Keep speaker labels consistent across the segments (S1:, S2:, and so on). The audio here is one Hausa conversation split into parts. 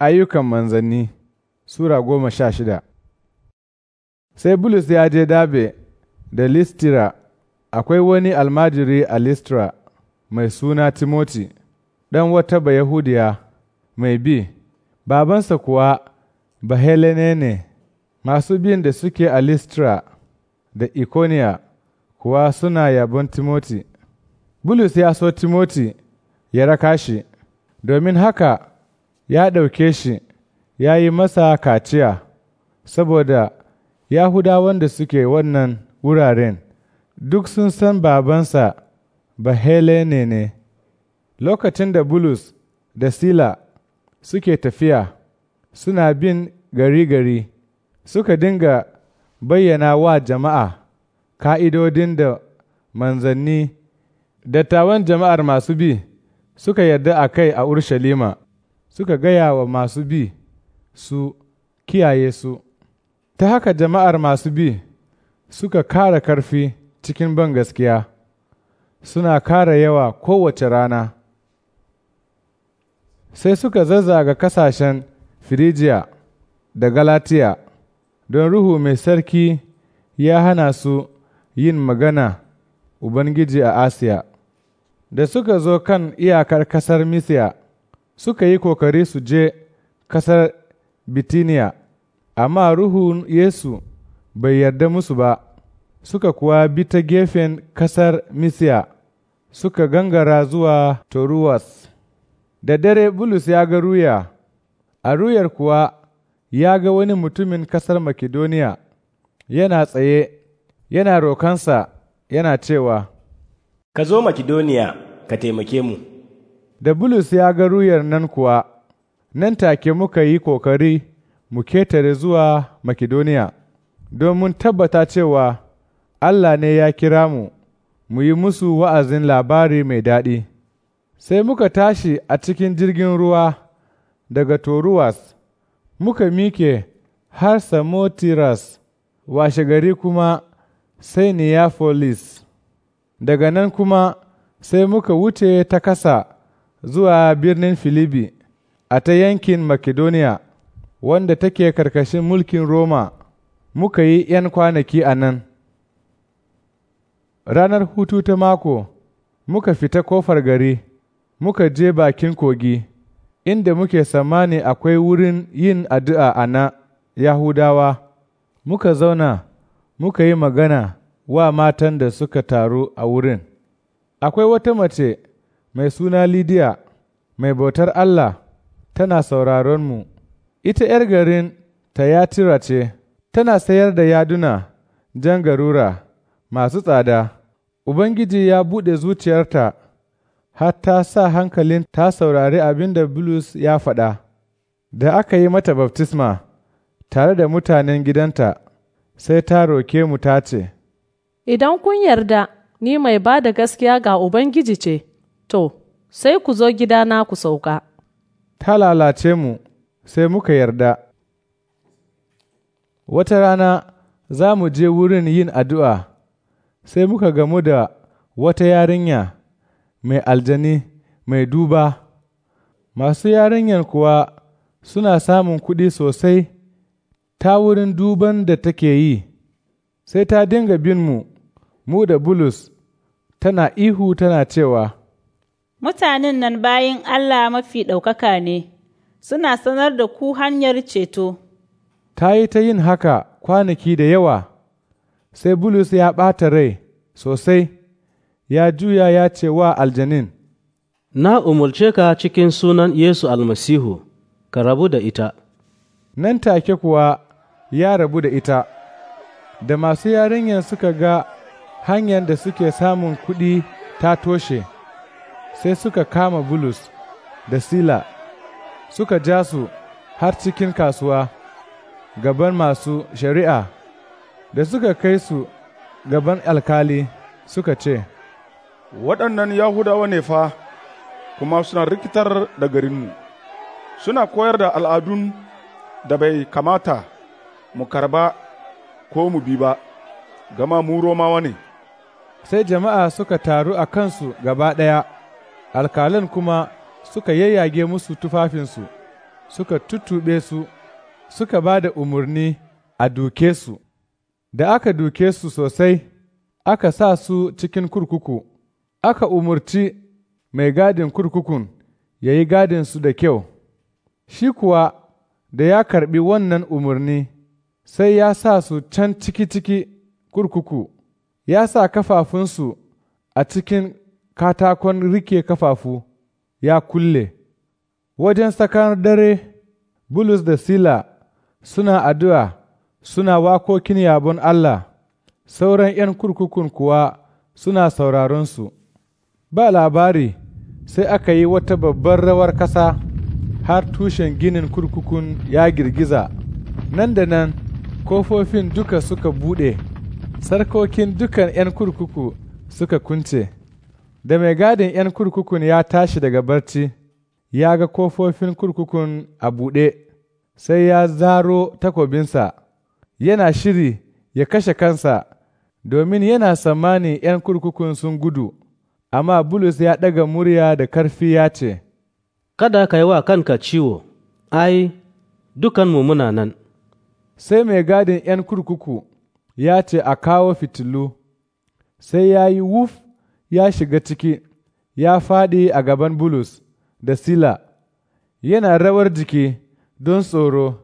S1: Ayyukan manzanni Sura goma sha shida Sai Bulus ya je dabe da Listira, akwai wani almajiri a Listira mai suna Timoti, ɗan wata Bayahudiya mai bi, babansa kuwa Bahelene ne, masu bin da suke a Listira da Ikoniya kuwa suna yabon Timoti. Bulus ya so Timoti ya raka shi, domin haka ya ɗauke shi ya yi masa kaciya saboda Yahudawan da suke wannan wuraren duk sun san babansa ba Helene ne. Lokacin da Bulus da Sila suke tafiya suna bin gari-gari suka dinga bayyana wa jama'a ka'idodin da manzanni dattawan jama'ar masu bi suka yarda a kai a Urshalima. suka gaya wa masu bi su kiyaye su, ta haka jama'ar masu bi suka kara karfi cikin ban gaskiya, suna kara yawa kowace rana. Sai suka zazzaga kasashen Firijiya da Galatiya, don Ruhu mai sarki ya hana su yin magana Ubangiji a Asiya, da suka zo kan iyakar ƙasar Misiya. suka yi kokari su je ƙasar Bitiniya, amma Ruhun Yesu bai yarda musu ba, suka kuwa bi ta gefen ƙasar Misiya, suka gangara zuwa Toruwas. Da dare Bulus ya ga ruya, a ruyar kuwa ya ga wani mutumin ƙasar Makedoniya yana tsaye, yana rokansa, yana cewa, Ka zo Makedoniya, ka taimake mu. Da Bulus ya ga ruyar nan kuwa, nan take muka yi kokari mu ketare zuwa Makedoniya, domin tabbata cewa Allah ne ya kira mu, mu yi musu wa'azin labari mai daɗi. Sai muka tashi a cikin jirgin ruwa daga Toruwas, muka mike har Samotiras, washe gari kuma sai Neapolis, daga nan kuma sai muka wuce ta kasa. zuwa birnin Filibi a ta yankin Makedoniya, wanda take karkashin mulkin Roma, muka yi ’yan kwanaki a nan. Ranar hutu ta mako, muka fita kofar gari, muka je bakin kogi, inda muke samani akwai wurin yin addu'a a na Yahudawa, muka zauna, muka yi magana wa matan da suka taru a wurin. Akwai wata mace mai suna Lidiya, mai bautar Allah, tana sauraronmu. Ita ’yar garin Tayatira ce, tana sayar da yaduna jan garura masu tsada. Ubangiji ya buɗe zuciyarta, har ta sa hankalin ta saurari abin da Bulus ya faɗa. Da aka yi mata baftisma tare da mutanen gidanta, sai ta roke mu ta ce, Idan kun yarda, ni mai ba da gaskiya ga Ubangiji ce. To, sai ku zo gidana ku sauka. Ta lalace mu, sai muka yarda. Wata rana za mu je wurin yin addu'a, sai muka gamu da wata yarinya mai aljani mai duba. Masu yarinyar kuwa suna samun kuɗi sosai ta wurin duban da take yi, sai ta dinga bin mu, mu da Bulus, tana ihu tana cewa, Mutanen nan bayin Allah mafi ɗaukaka ne, suna sanar da ku hanyar ceto. Ta yi ta yin haka kwanaki da yawa, sai Bulus ya ɓata rai sosai, ya juya ya ce wa aljanin, Na umarce ka cikin sunan Yesu almasihu, ka rabu da ita. Nan take kuwa ya rabu da ita, da masu yarinyar suka ga hanyar da suke samun kuɗi ta toshe. sai suka kama Bulus da Sila suka ja su har cikin kasuwa gaban masu shari'a da suka kai su gaban alkali suka ce, Waɗannan Yahudawa ne fa, kuma suna rikitar da garinmu, suna koyar da al'adun da bai kamata mu karba ko mu bi ba, gama mu Romawa ne. Sai jama'a suka taru a kansu gaba ɗaya. alkalan kuma suka yayyage musu tufafinsu, suka tuttuɓe su, suka ba da umarni a duke su, da aka duke su sosai, aka sa su cikin kurkuku, aka umarci mai gadin kurkukun ya yi gadinsu da kyau, shi kuwa da ya karɓi wannan umarni, sai ya sa su can ciki-ciki kurkuku, ya sa kafafunsu a cikin katakon rike kafafu ya kulle, wajen tsakar dare, Bulus da Sila suna addu'a suna wakokin yabon Allah, sauran ’yan kurkukun kuwa suna sauraronsu. Ba labari sai aka yi wata babbar rawar ƙasa har tushen ginin kurkukun ya girgiza, nan da nan kofofin duka suka buɗe, sarkokin dukan ’yan kurkuku suka kunce. da mai gadin ‘yan kurkukun ya tashi daga barci, ya ga kofofin kurkukun a buɗe, sai ya zaro takobinsa, yana shiri ya kashe kansa, domin yana tsammani ‘yan kurkukun sun gudu, amma Bulus ya ɗaga murya da karfi ya ce, Kada ka yi wa kanka ciwo, ai, dukanmu muna nan. Sai mai gadin ‘yan kurkuku ya ce a kawo fitilu, sai ya yi wuf ya shiga ciki, ya faɗi a gaban Bulus da Sila, yana rawar jiki don tsoro,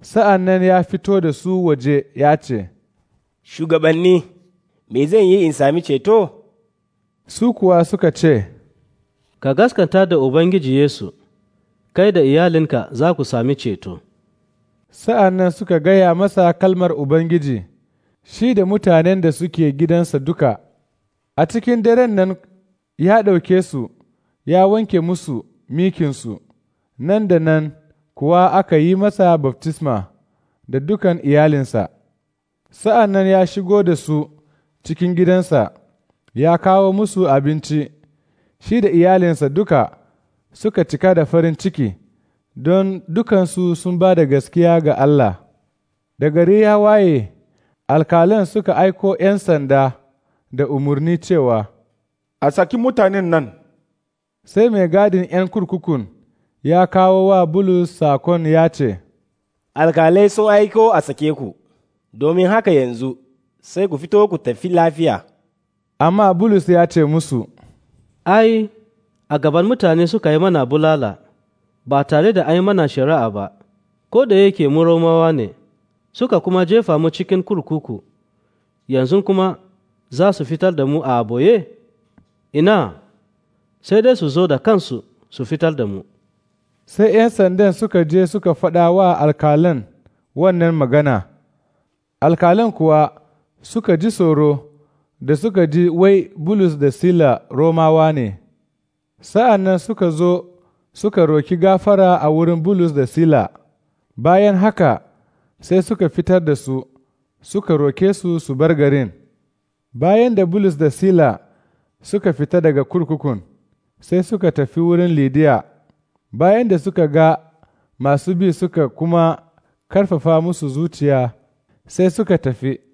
S1: sa'an nan ya fito da su waje ya ce, Shugabanni, me zan yi in sami ceto? Su kuwa suka ce, Ka gaskanta da Ubangiji Yesu, kai da iyalinka za ku sami ceto. Sa'an nan suka gaya masa kalmar Ubangiji, shi da mutanen da suke gidansa duka. A cikin daren nan ya ɗauke su, ya wanke musu mikinsu, nan da nan kuwa aka yi masa baftisma da dukan iyalinsa. Sa'an nan ya shigo da su cikin gidansa, ya kawo musu abinci, shi da iyalinsa duka suka cika da farin ciki, don dukansu sun ba da gaskiya ga Allah. Da gari ya waye, alkalan suka aiko ’yan sanda. da umarni cewa, A saki mutanen nan, sai mai gadin ’yan kurkukun ya kawo wa Bulus sakon ya ce, Alkalai sun aiko a sake ku, domin haka yanzu sai ku fito ku tafi lafiya. Amma Bulus ya ce musu, Ai, a gaban mutane suka yi mana bulala, ba tare da ai mana shari'a ba, ko da yake mu ne, suka kuma jefa mu cikin kurkuku, yanzu kuma za su fitar da mu a boye ina sai dai su zo da kansu su fitar da mu sai 'yan sandan suka je suka faɗa wa alkalan wannan magana alkalan kuwa suka ji tsoro da suka ji wai bulus da sila romawa ne sa'an nan suka zo suka roki gafara a wurin bulus da sila bayan haka sai suka fitar da su suka roke su su bar garin Bayan da Bulus da Sila suka fita daga kurkukun, sai suka tafi wurin Lidiya, bayan da suka ga masu bi suka kuma karfafa musu zuciya, sai suka tafi.